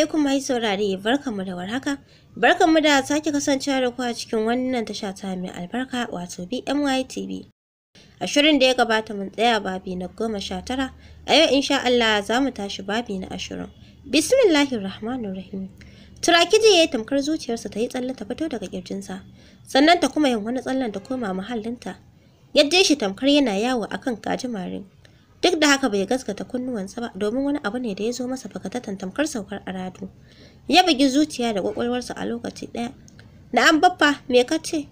alaikum mai saurare barkanmu da warhaka. mu da sake kasancewa da ku a cikin wannan tasha ta mai albarka wato BMY TV. A shirin da ya gabata mun tsaya babi na goma sha tara, a yau insha Allah za mu tashi babi na ashirin. rahim Turakiji ya yi tamkar zuciyarsa ta yi tsalle ta fito daga kirjinsa, sannan ta kuma yin wani tsallen ta koma mahallinta. Ya je shi tamkar yana yawo akan kajimarin Duk da haka bai gaskata kunnuwansa ba domin wani abu ne da ya zo masa ta tamkar saukar aradu. Ya bugi zuciya da kwakwalwarsa a lokaci ɗaya. an baffa me ka ce?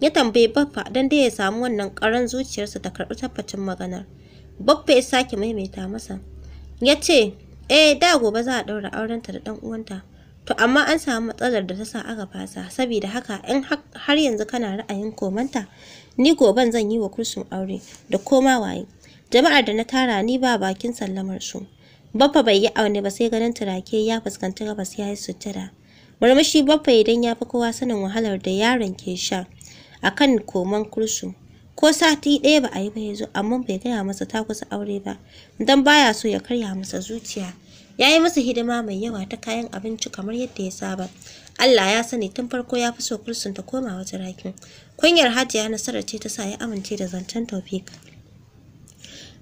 Ya tambayi baffa don dai ya samu wannan karan zuciyarsa ta karɓi tabbacin maganar. Baffa ya sake maimaita masa. Ya ce, eh da gobe za a ɗaura aurenta da ɗan uwanta. To amma an samu matsalar da ta sa aka fasa saboda haka in har yanzu kana ra'ayin komanta ni goben zan yi wa kursun aure da koma waye. jama'ar da na tara ni ba bakin sallamar su baffa bai yi aune ba sai ganin turake ya fuskanci gabas ya yi sutura murmushi baffa idan ya fi kowa sanin wahalar da yaron ke sha A akan koman kursu ko sati ɗaya ba a yi ba ya zo amma bai gaya masa ta kusa aure ba don baya so ya karya masa zuciya ya yi masa hidima mai yawa ta kayan abinci kamar yadda ya saba Allah ya sani tun farko ya fi so kursun ta koma wata rakin kunyar hajiya nasara ce ta sa ya amince da zancen taufik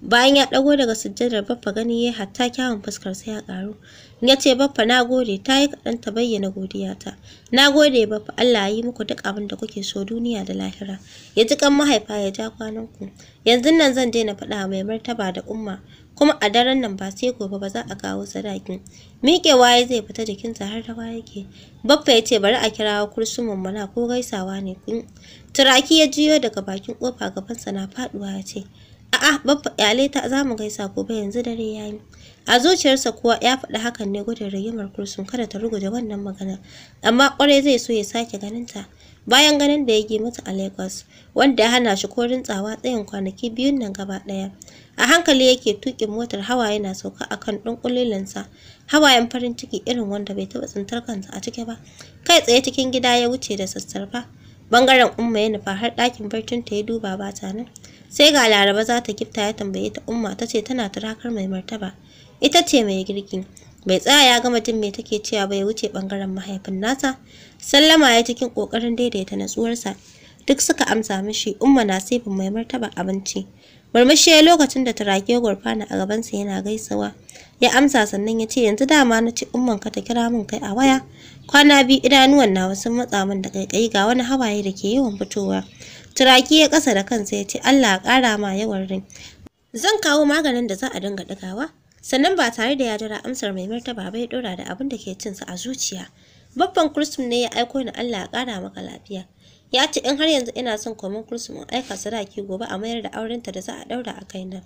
bayan ya ɗago daga sujjadar baffa gani ya hatta kyawun fuskar sa ya ƙaru ya ce baffa na gode ta yi kaɗan ta bayyana godiya ta. na gode baffa Allah ya yi muku duk abin da kuke so duniya da lahira ya ji kan mahaifa ya ja kwanan ku. yanzu nan zan daina faɗa mai martaba da umma kuma a daren nan ba sai gobe ba za a kawo sadakin miƙewa waye zai fita jikinsa har rawa yake baffa ya ce bari a kirawo kursumin mana ko gaisawa ne turaki ya jiyo daga bakin kofa gabansa na faduwa yace a'a babba yale ta za mu gaisa gobe yanzu dare ya yi a zuciyarsa kuwa ya faɗi hakan ne gudun rigimar kursun kada ta ruguje wannan magana amma kwarai zai so ya sake ganin ta bayan ganin da ya mata a lagos wanda ya hana shi korin tsawa tsayin kwanaki biyun nan gaba ɗaya a hankali yake tuƙin motar hawaye na sauka a kan ɗunƙulilinsa hawayen farin ciki irin wanda bai taɓa tsintar kansa a cike ba kai tsaye cikin gida ya wuce da sassarfa Bangaren Umma ya nufa har ɗakin barcin ta ya duba ba ta nan. Sai ga Laraba za ta gifta ya tambaye ta Umma ta ce tana turakar mai martaba. Ita ce mai girki. Bai tsaya ya gama jin me take cewa bai wuce bangaren mahaifin nasa. Sallama ya cikin kokarin daidaita natsuwarsa. Duk suka amsa mishi Umma na sifin mai martaba abinci. Murmushi ya lokacin da turake gurfana a gabansa yana gaisawa. ya amsa sannan ya ce yanzu dama na ce umman ka ta kira min kai a waya kwana biyu idanuwan nawa sun matsa min da kaikayi ga wani hawaye da ke yawan fitowa turaki ya kasa da kansa ya ce Allah ya kara ma yawan rin zan kawo maganin da za a dinga dagawa sannan ba tare da ya jira amsar mai martaba bai dora da abin da ke cin sa a zuciya babban kristum ne ya aiko ni Allah ya kara maka lafiya ya ce in har yanzu ina son komin in aika sadaki gobe a mayar da aurenta da za a daura a kaina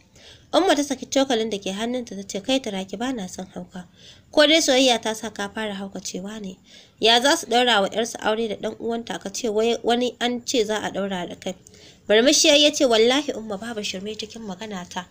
umma ta saki cokalin da ke hannunta ta ce kai taraki ba na son hauka ko dai soyayya ta sa ka fara hauka cewa ne ya za su daura wa yarsu aure da dan uwanta ka ce wani an ce za a daura da kai barmashiyar ya ce wallahi umma babu shirme cikin magana ta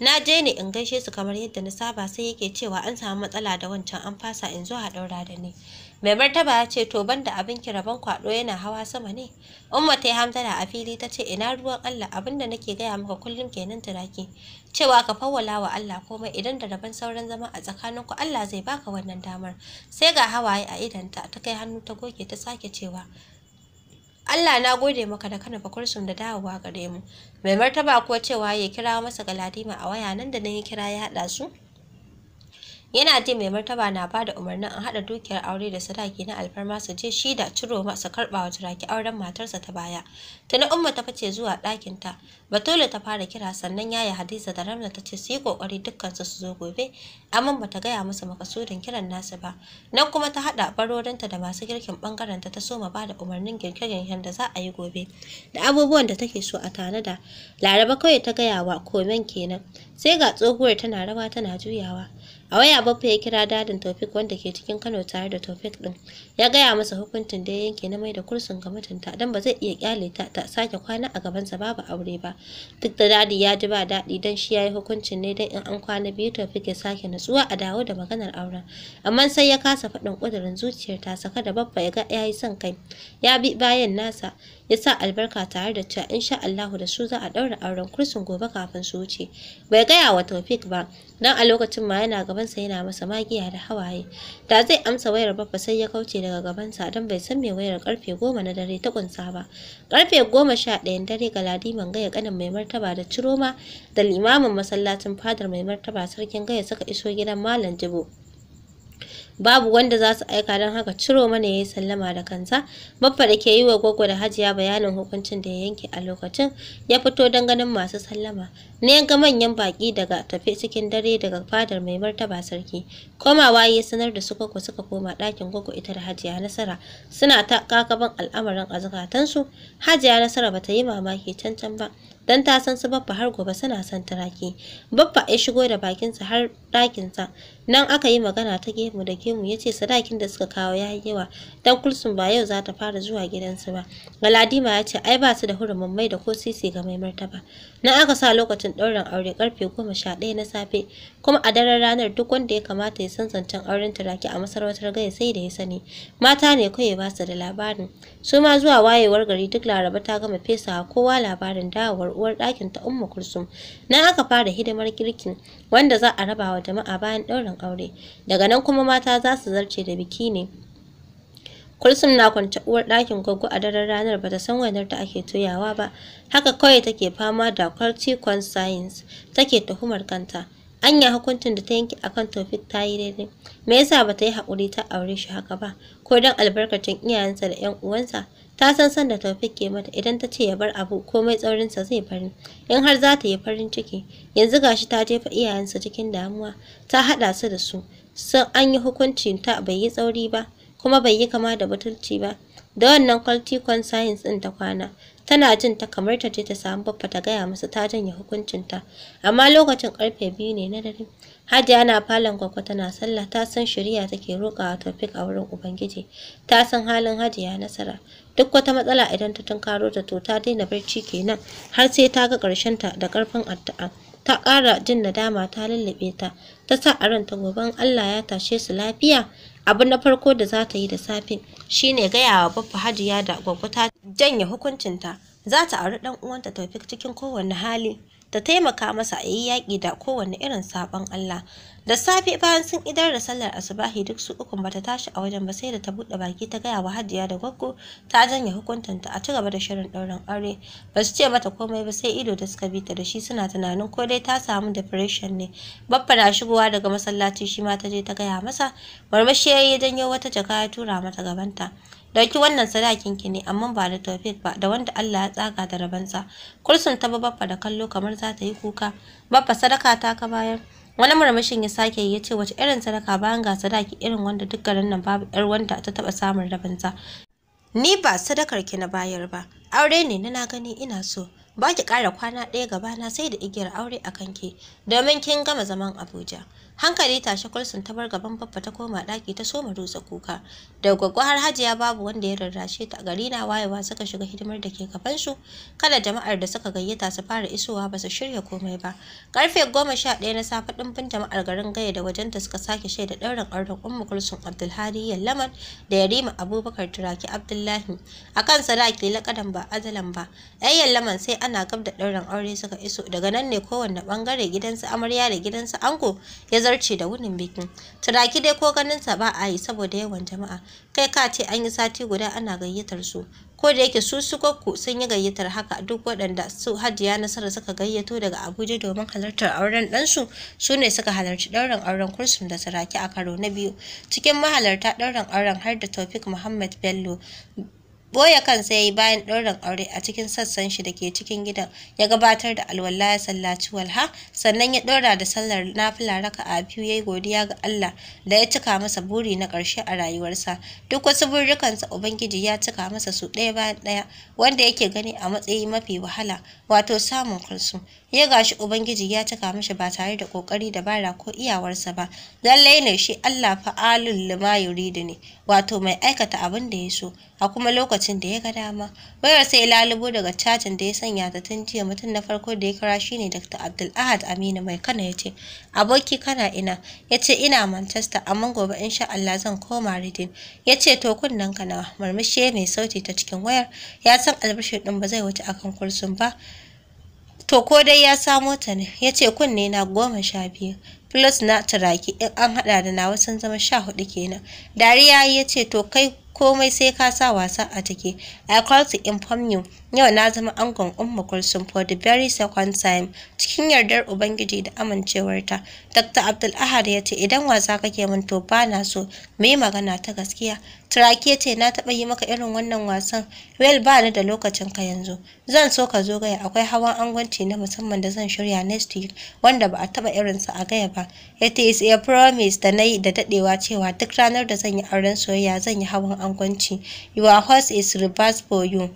na je ne in gaishe su kamar yadda na saba sai yake cewa an samu matsala da wancan an fasa in zo a daura da ni mai martaba ya ce to banda abin ki rabon kwado yana hawa sama ne umma ta hamdala a fili ta ce ina ruwan Allah abin da nake gaya maka kullum kenan turaki cewa ka fawwala wa Allah komai idan da rabon sauran zama a tsakaninku Allah zai baka wannan damar sai ga hawaye a idanta ta kai hannu ta goge ta sake cewa Allah na gode maka da kana bakursun da dawowa gare mu mai martaba ko cewa ya kira masa galadima a waya nan da nan ya kira ya haɗa su yana jin mai martaba na bada umarnin an haɗa dukiyar aure da sadaki na alfarma su je shi da ciro ma su karɓa wa turaki auren matarsa ta baya ta na umma ta fice zuwa ɗakin ta batole ta fara kira sannan yaya hadiza da ramla ta ce su yi ƙoƙari dukkansu su zo gobe amma ta gaya musu makasudin kiran nasu ba nan kuma ta haɗa barorinta da masu girkin ɓangaren ta ta soma bada umarnin girke-girken da za a yi gobe da abubuwan da take so a tanada laraba kawai ta gaya wa komen kenan sai ga tsohuwar tana rawa tana juyawa a waya babba ya kira dadin tofik wanda ke cikin Kano tare da tofik din ya gaya masa hukuncin da ya yanke na mai da kursun ga mutunta don ba zai iya kyale ta ta sake kwana a gabansa babu aure ba duk da dadi ya ji ba dadi don shi ya yi hukuncin ne don in an kwana biyu tofik ya sake natsuwa a dawo da maganar auren amma sai ya kasa faɗin ƙudurin zuciyar ta saka da babba ya ga yayi son kai ya bi bayan nasa ya sa albarka tare da cewa insha Allahu da su za a ɗaura auren kursin gobe kafin su wuce bai gaya wa Taufik ba dan a lokacin ma yana gabansa yana masa magiya da hawaye da zai amsa wayar babba sai ya kauce daga gabansa dan bai san me wayar karfe goma na dare ta kunsa ba karfe goma sha ɗayan dare ga ladiman gaya kanin mai martaba da ciroma da limamin masallacin fadar mai martaba sarkin gaya suka iso gidan malam jibo babu wanda za su aika don haka ciro mana ya yi sallama da kansa baffa da ke yi wa gwaggo da hajiya bayanin hukuncin da ya yanke a lokacin ya fito don ganin masu sallama Na ga manyan baƙi daga tafe cikin dare daga fadar mai martaba sarki komawa ya sanar da su gwaggo suka koma ɗakin gwaggo ita da hajiya nasara suna ta kakaban al'amarin a zukatansu hajiya nasara bata yi mamaki cancan ba dan ta san su baffa har gobe suna son turaki baffa ya shigo da bakinsa har ɗakinsa nan aka yi magana ta gemu da gemu ya ce sadakin da suka kawo ya yi yawa dan kulsun ba yau za ta fara zuwa gidansu ba galadima ya ce ai ba su da hurumin mai da ko sisi ga mai martaba nan aka sa lokacin ɗaurin aure karfe goma sha ɗaya na safe kuma a daren ranar duk wanda ya kamata ya san zancen auren turaki a masarautar gaya sai da ya sani mata ne kawai ba su da labarin su ma zuwa wayewar gari duk laraba ta gama fesa kowa labarin dawowar uwar ɗakin ta umma kulsum nan aka fara hidimar girkin wanda za a raba wa jama'a bayan ɗaurin aure daga nan kuma mata za su zarce da biki ne Kulsum na kwance uwar ɗakin gwaggo a daren ranar ba ta san wainar da ake toyawa ba haka kawai take fama da corticon ta take tuhumar kanta anya hukuncin da ta yanke akan tofi ta yi daidai me yasa ta yi haƙuri ta aure shi haka ba ko don albarkacin iyayensa da 'yan uwansa ta san san da Taufik ke mata idan ta ce ya bar abu komai tsaurinsa zai farin in har za ta yi farin ciki yanzu gashi ta jefa iyayensa cikin damuwa ta haɗa su da su sun an yi hukuncin ta bai yi tsauri ba kuma bai yi kama da butulci ba da wannan kwaltikon science ɗin ta kwana tana jin ta kamar ta je ta samu baffa ta gaya musu ta janye ta. amma lokacin karfe biyu ne na dare hajiya na falon kwakwa tana sallah ta san shari'a take roƙa a tofik a wurin ubangiji ta san halin hajiya nasara duk wata matsala idan ta tunkaro ta to ta daina barci kenan har sai ta ga ƙarshen ta da ƙarfin addu'a ta ƙara jin nadama ta lullube ta ta sa a ranta goben Allah ya tashe su lafiya abu na farko da za ta yi da safe shine gaya wa baffa hajiya da gwaggwata janye hukuncinta za ta auri ɗan uwanta tafi cikin kowane hali ta taimaka masa a yi yaƙi da kowane irin sabon Allah. Da safe bayan sun idar da sallar asubahi duk su ukun bata tashi a wajen ba sai da ta buɗe baki ta gaya wa Hajiya da Gwaggo ta janye hukuntanta a ci gaba da shirin ɗaurin aure. Ba su ce mata komai ba sai ido da suka bi ta da shi suna tunanin ko dai ta samu depression ne. Baffa na shigowa daga masallaci shi ma ta je ta gaya masa. Marmashi ya yi janyo wata jaka ya tura mata gabanta. dauki wannan sadakin ki ne amma ba da Tawfik ba da wanda Allah ya tsaga da rabansa kulsun ta babba da kallo kamar za ta yi kuka babba sadaka ta ka bayar wani murmushin ya sake ya ce wace irin sadaka bayan ga sadaki irin wanda duk garin nan babu yar wanda ta taba samun rabansa ni ba sadakar ki na bayar ba aure ne na gani ina so ba ki ƙara kwana ɗaya gabana sai da igiyar aure a kanki domin kin gama zaman Abuja hankali tashe kulsun ta bar gaban baffa ta koma ɗaki ta soma dutse kuka da gwaggo har hajiya babu wanda ya rarrashe ta gari na wayewa suka shiga hidimar da ke su kada jama'ar da suka gayyata su fara isowa ba su shirya komai ba karfe goma sha ɗaya na safe ɗimbin jama'ar garin gaya da wajenta suka sake shaida ɗaurin auren ummu kulsun abdulhadi yallaman da yarima abubakar turaki abdullahi a kan sadaki laƙadan ba azalan ba yan yallaman sai ana gab da ɗaurin aure suka iso daga nan ne kowanne ɓangare gidansu amarya da gidansu ango ya zarce da wunin bikin turaki dai ko ganin sa ba a yi saboda yawan jama'a kai ka ce an yi sati guda ana gayyatar su ko da yake su sukokku sun yi gayyatar haka duk waɗanda su hajiya nasara suka gayyato daga abuja domin halartar auren ɗansu su ne suka halarci ɗaurin auren kursun da turaki a karo na biyu cikin mahalarta ɗaurin auren har da tofik muhammad bello boye kansa ya yi bayan ɗaurin aure a cikin sassan shi da ke cikin gidan ya gabatar da alwala ya sallaci walha sannan ya ɗora da sallar nafila raka a biyu ya yi godiya ga Allah da ya cika masa buri na ƙarshe a rayuwarsa duk wasu burikansa, ubangiji ya cika masa su ɗaya bayan ɗaya wanda yake gani a matsayi mafi wahala wato samun kulsu ya gashi ubangiji ya cika mishi ba tare da kokari da bara ko iyawarsa ba lallai ne shi Allah fa'alul lima yuridu ne wato mai aikata abin da ya so a kuma lokacin da ya ga dama wayar sai lalubo daga cajin da ya sanya ta tun jiya mutum na farko da ya kira shine Dr. Abdul Ahad Aminu mai kana yace aboki kana ina yace ina Manchester amma gobe insha Allah zan koma ridin yace to kunnen kana murmushi mai sauti ta cikin wayar ya san albishir din ba zai wuce akan kursun ba to ko dai ya samo ta ne ya ce kunne na goma sha biyu plus na turaki in an haɗa da nawa sun zama sha hudu kenan dariya ya ce to kai komai sai ka sa wasa a take i call to inform you yau na zama angon umma kulsun for the very second time cikin yardar ubangiji da amincewarta dr abdul ahad ya ce idan wasa kake min to ba na so mu magana ta gaskiya turaki ya ce na taɓa yi maka irin wannan wasan well ba ni da lokacin ka yanzu zan so ka zo gaya akwai hawan angwanci na musamman da zan shirya next week wanda ba a taɓa irinsa a gaya ba it is a promise da na yi da daɗewa cewa duk ranar da zan yi auren soyayya zan yi hawan angwanci your horse is reversed for you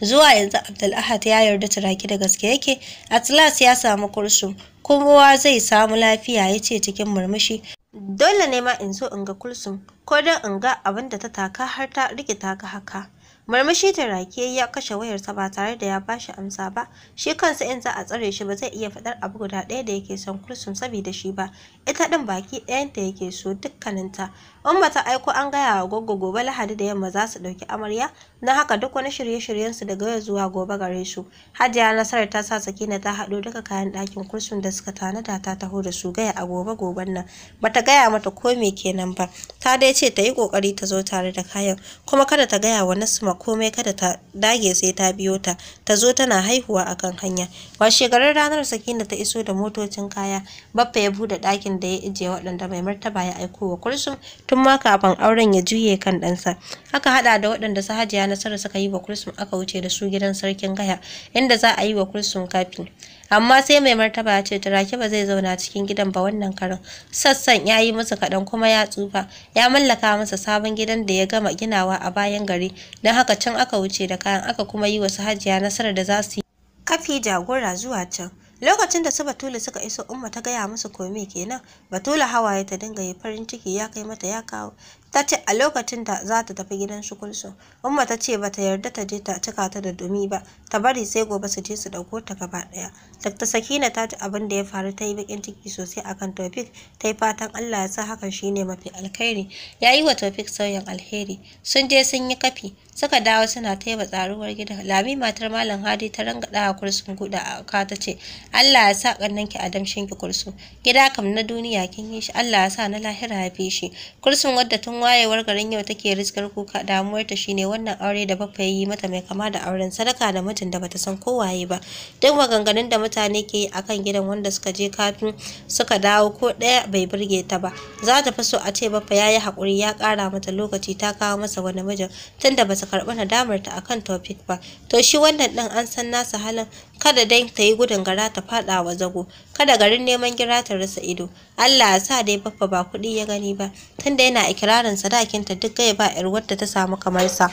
zuwa yanzu abdulahad ya yarda turaki da gaske yake atlas ya samu kursu kuma zai samu lafiya ya ce cikin murmushi dole ne ma in zo in ga kulsun ko don in ga abin da ta taka har ta rikita ga haka murmushi turaki ya kashe wayarsa ba tare da ya bashi amsa ba shi kansa in za a tsare shi ba zai iya faɗar abu guda ɗaya da yake son kulsun saboda shi ba ita ɗin baki ɗayanta yake so dukkaninta Umma ta aiko an gaya wa Goggo gobe Lahadi da yamma za su ɗauki amarya, na haka duk wani shirye-shiryen su daga yau zuwa gobe gare su. Hajiya Nasarar ta sa Sakina ta haɗo duka kayan ɗakin kursun da suka tanada ta taho da su gaya a gobe goben nan. Bata gaya mata ko kenan ba. Ta dai ce ta yi ƙoƙari ta zo tare da kayan, kuma kada ta gaya wa Nasima komai kada ta dage sai ta biyo ta, ta zo tana haihuwa akan hanya. Washe garin ranar Sakina ta iso da motocin kaya, Baffa ya buɗe ɗakin da ya ijiye waɗanda mai martaba ya aiko wa kursun tun ma kafin auren ya juye kan ɗansa aka haɗa da waɗanda su hajiya nasara suka yi wa kulsum aka wuce da su gidan sarkin gaya inda za a yi wa kulsum kafi amma sai mai martaba ya ce turaki ba zai zauna cikin gidan ba wannan karin sassan ya yi musu kaɗan kuma ya tsufa ya mallaka masa sabon gidan da ya gama ginawa a bayan gari don haka can aka wuce da kayan aka kuma yi wasu hajiya nasarar da za su yi kafi jagora zuwa can lokacin da su batula suka iso umma ta gaya musu komai kenan batula hawaye ta dinga yi farin ciki ya kai mata ya kawo ta ce a lokacin da za ta tafi gidan su shukulsu umma ta ce bata yarda ta je ta cika ta da dumi ba ta bari sai gobe su je su dauko ta gaba daya dr sakina ta ji abin da ya faru ta yi bakin ciki sosai akan tofik ta yi fatan allah ya sa hakan shine mafi alkhairi ya yi wa tofik sauyin alheri sun je sun yi kafi suka dawo suna taiba tsaruwar gida lami matar malam hadi ta rangada a kursun guda a ka ta ce allah ya sa ki a damshin ki kursu gida kam na duniya kin yi shi allah ya sa na lahira ya fi shi kursun wadda tun wayewar garin yau take riskar kuka damuwar ta shine wannan aure da baffa yi mata mai kama da auren sadaka da mijin da bata san ko kowaye ba duk maganganun da mutane ke yi akan gidan wanda suka je kafin suka dawo ko ɗaya bai burge ta ba za ta fi so a ce baffa ya yi haƙuri ya kara mata lokaci ta kawo masa wani mijin tunda ba su karɓi nadamarta akan Tofik ba. To shi wannan ɗin an san nasa halin kada dai ta yi gudun gara ta faɗa wa zago, kada garin neman gira ta rasa ido. Allah ya sa dai baffa ba kuɗi ya gani ba, tunda yana ikirarin sadakinta duk gaya ba 'yar wadda ta samu kamar sa.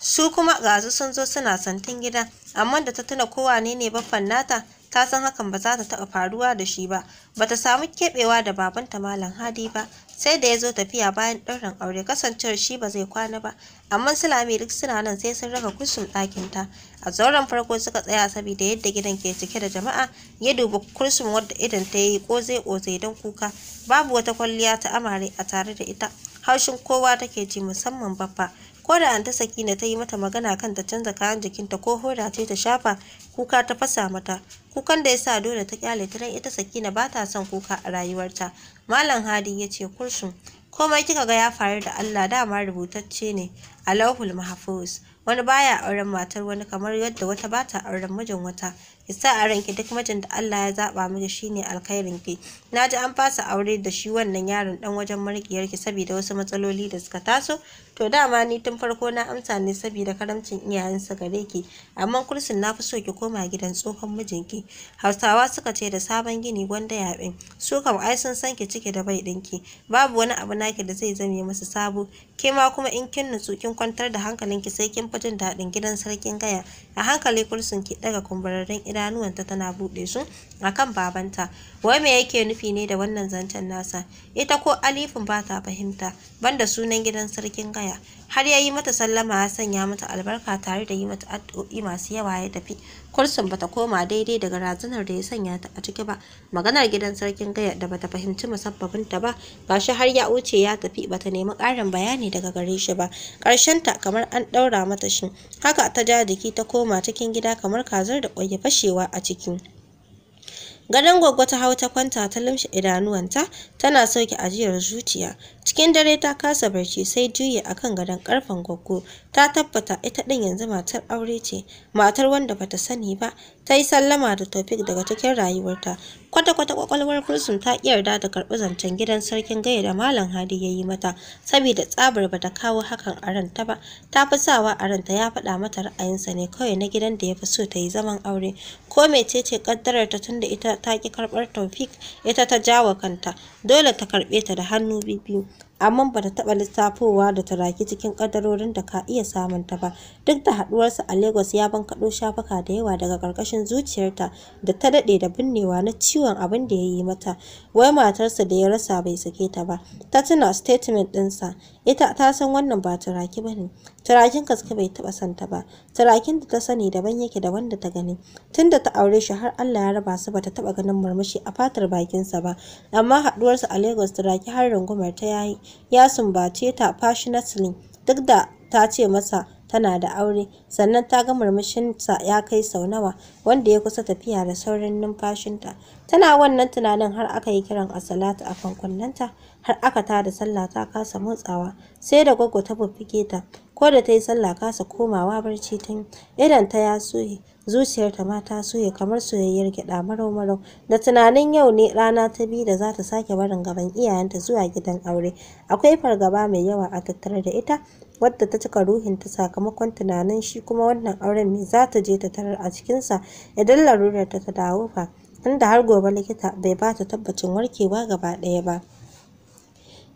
Su kuma gazu sun zo suna santin gida, amma da ta tuna kowa ne ne baffan nata, ta san hakan ba za ta taɓa faruwa da shi ba ta samu keɓewa da babanta malam hadi ba sai da ya zo tafiya bayan ɗaurin aure kasancewar shi ba zai kwana ba amma sulami duk suna nan sai sun raka ɗakin ta a zauren farko suka tsaya saboda yadda gidan ke cike da jama'a ya duba kursun wadda idan ta yi ƙoze zai don kuka babu wata kwalliya ta amare a tare da ita haushin kowa take ji musamman baffa ko da an ta sakina ta yi mata magana kan ta canza kayan jikinta ko hoda ce ta shafa kuka ta fasa mata kukan da ya sa dole ta kyale ta ran ita sakina ba ta son kuka a rayuwarta malam hadi ya ce kursun komai kika ga ya faru da allah dama rubutacce ne a lauhul mahfuz wani baya auren matar wani kamar yadda wata bata auren mijin wata ki sa a ranki duk mijin da Allah ya zaba miki shine alkhairin ki naji an fasa aure da shi wannan yaron dan wajen markiyar ki saboda wasu matsaloli da suka taso to dama ni tun farko na amsa ne saboda karamcin iyayensa gare ki amma kursin na fi so ki koma gidan tsohon mijinki hausawa suka ce da sabon gini gwanda yaɓe su kam ai sun san ki cike da bai ɗinki babu wani abu naki da zai zame masa sabo ke ma kuma in kin nutsu kin kwantar da hankalinki sai kin fi taɓa jin daɗin gidan sarkin gaya a hankali kulsun ki ɗaga kumburarren idanuwanta tana buɗe su a kan babanta wai me yake nufi ne da wannan zancen nasa ita ko alifin ba ta fahimta banda sunan gidan sarkin gaya har ya yi mata sallama ya sanya mata albarka tare da yi mata addu'o'i masu yawa ya tafi Kulsum bata koma daidai daga razanar da ya sanya ta a ciki ba. Maganar gidan sarkin gaya da bata fahimci musabbabin ta ba, gashi har ya wuce ya tafi bata nemi ƙarin bayani daga gare shi ba. karshen ta kamar an ɗaura mata shi. Haka ta ja jiki ta koma cikin gida kamar kazar da ƙwaye fashewa a ciki. Gadon gwaggo ta hau ta kwanta ta lumshe idanuwanta tana sauke ajiyar zuciya. Cikin dare ta kasa barci sai juye akan gadon karfen gwaggo. Ta tabbata ita ɗin yanzu matar aure ce, matar wanda bata sani ba. Ta yi sallama da Tofik daga cikin rayuwarta. kwata-kwata kwakwalwar kursun ta ƙi yarda da karɓi zancen gidan sarkin gaya da malam hadi ya yi mata saboda tsabar ba ta kawo hakan a ranta ba ta fi sawa a ranta ya faɗa mata ra'ayinsa ne kawai na gidan da ya fi so ta yi zaman aure ko mecece kaddarar ta tunda ita ta ƙi karɓar taufik ita ta jawa kanta dole ta karɓe ta da hannu biyu amma ba ta taɓa lissafowa da turaki cikin ƙaddarorin da ka iya samunta ba duk da haɗuwarsa a Lagos ya bankaɗo shafuka da yawa daga ƙarƙashin zuciyarta da ta daɗe da binnewa na ciwon abin da ya yi mata wai matarsa da ya rasa bai sake ta ba ta tuna statement ɗinsa ita ta san wannan ba turaki ba ne turakin gaske bai taɓa santa ba turakin da ta sani daban yake da wanda ta gani tunda ta aure shi har Allah ya raba su ta taɓa ganin murmushi a fatar bakinsa ba amma haɗuwarsa a Lagos turaki har rungumar ta yayi ya sumbace ta passionately duk da ta ce masa tana da aure sannan ta ga murmushinsa ya kai sau nawa wanda ya kusa tafiya da saurin numfashinta tana wannan tunanin har aka yi kiran asalatu a kwankwannanta har aka tada sallah ta kasa motsawa sai da gwaggo ta buffike ta ko da ta yi sallah kasa komawa barci ta idan ta ya soye zuciyarta ma ta soye kamar soyayyar gyaɗa marau-marau da tunanin yau ne rana ta biyu da za ta sake barin gaban iyayenta zuwa gidan aure akwai fargaba mai yawa a tattare da ita wadda ta cika ruhinta sakamakon tunanin shi kuma wannan auren me za ta je ta tarar a cikinsa idan larurarta ta dawo fa tunda har gobe likita bai ba ta tabbacin warkewa gaba ɗaya ba.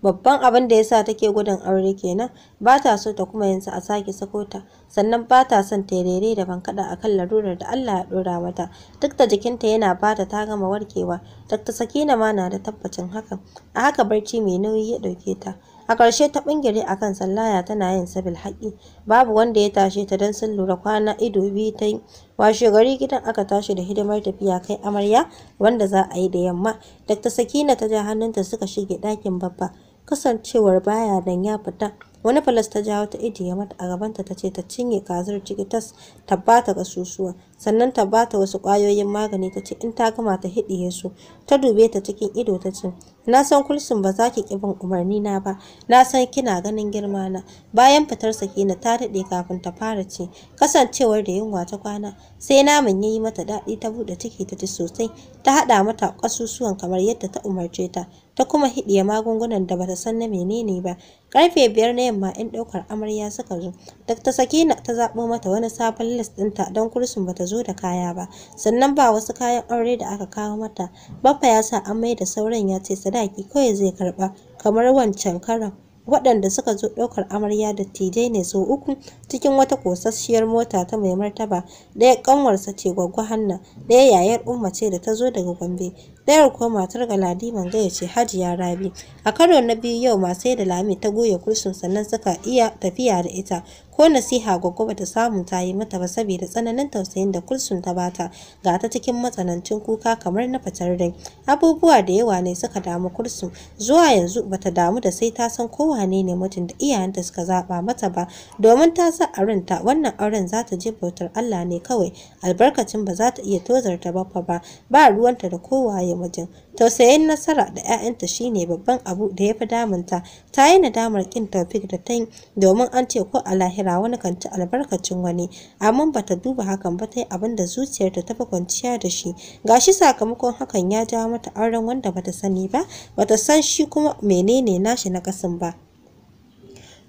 babban abin da ya yasa take gudun aure kenan ba ta so ta kuma yanzu a sake sakota, sannan ba ta son ta terere da bankaɗa a kan larurar da Allah ya ɗora mata duk da jikinta yana bata ta gama warkewa Dr. Sakina ma na da tabbacin hakan a haka barci mai nauyi ya ɗauke ta a ƙarshe ta bingire a kan sallaya tana yin sabil haƙi babu wanda ya tashe ta don sun lura kwana ido biyu ta yi washe gari gidan aka tashi da hidimar tafiya kai amarya wanda za a yi da yamma Dr. Sakina ta ja hannunta suka shige ɗakin babba kasancewar baya nan ya fita wani falas ta jawo ta ijiye mata a gabanta ta ce ta cinye kazar ciki ta tabbata ga susuwa sannan ta bata wasu ƙwayoyin magani ta ce in ta gama ta hiɗiye su ta dube ta cikin ido ta ce na san kulsun ba za ki ƙi umarni na ba na san kina ganin girma na bayan fitar sakina ta daɗe kafin ta fara ce kasancewar da yunwa ta kwana sai naman yayi mata daɗi ta buɗe ciki ta ci sosai ta haɗa mata ƙasusuwan kamar yadda ta umarce ta ta kuma hiɗiye magungunan da bata san na menene ba karfe biyar na yamma in ɗaukar amarya suka zo Dr. Sakina ta zaɓo mata wani sabon list ɗinta don kursun bata zo zo da kaya ba sannan ba wasu kayan aure da aka kawo mata baffa ya sa amai da sauran ya ce sadaki kawai zai karba kamar wancan karan waɗanda suka zo ɗaukar amarya da tijai ne sau uku cikin wata kosasshiyar mota ta mai martaba ɗaya ƙanwarsa ce gwaggwa hanna ɗaya yayar umma ce da ta zo daga gombe dayar kuwa matar Galadiman Gaya ce Hajiya Rabi. A karo na biyu yau ma sai da Lami ta goye kursun sannan suka iya tafiya da ita. Ko nasiha gwaggo bata samu ta yi mata ba saboda tsananin tausayin da kursun ta bata. Ga ta cikin matsanancin kuka kamar na fitar rai. Abubuwa da yawa ne suka damu kursun. Zuwa yanzu bata damu da sai ta san ko wane ne mutum da iyayenta suka zaba mata ba. Domin ta sa a ranta wannan auren za ta je bautar Allah ne kawai. Albarkacin ba za ta iya tozarta fa ba. Ba ruwanta da kowaye wajen tausayin nasara da 'ya'yanta shine babban abu da ya fi damunta ta yi nadamar kin taufik da ta yi domin an ce ko a lahira wani kan ci albarkacin wani amma bata duba hakan ba ta yi abin da zuciyarta ta fi kwanciya da shi gashi sakamakon hakan ya jawo mata auren wanda bata sani ba bata san shi kuma menene nashi na kasin ba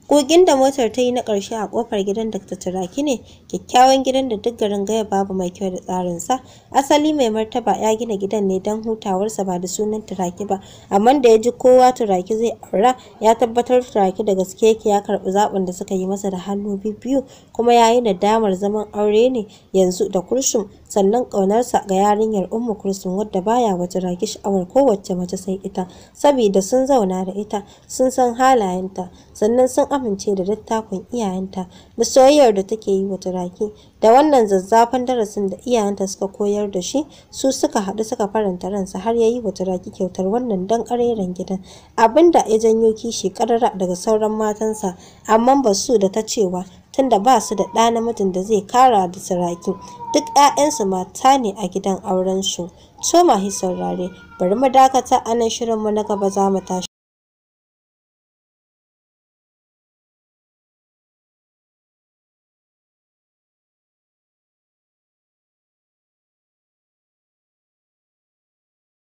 Kogin da motar ta yi na ƙarshe a ƙofar gidan Dr. Turaki ne, kyakkyawan gidan da duk garin gaya babu mai kyau da tsarinsa. Asali mai martaba ya gina gidan ne don hutawarsa ba da sunan Turaki ba, amma da ya ji kowa Turaki zai aura ya tabbatar Turaki da gaske yake ya karɓi zaɓin da suka yi masa da hannu biyu kuma ya yi nadamar zaman aure ne yanzu da kurshin sannan ƙaunarsa ga yarinyar Ummu Kulsum wadda baya wata raki sha'awar kowace mace sai ita saboda sun zauna da ita sun san halayenta sannan sun amince da dattakun iyayenta da soyayyar da take yi wa turaki da wannan zazzafan darasin da iyayenta suka koyar da shi su suka haɗu suka faranta ransa har ya yi wa turaki kyautar wannan dan ƙareren gidan abinda ya janyo kishi ƙarara daga sauran matansa amma ba su da ta cewa tunda ba su da ɗa namijin da zai kara da siraki duk 'ya'yansu mata ne a gidan aurensu. Soma hi saurare, bari mu dakata anan nan shirinmu na gaba za mu tashi.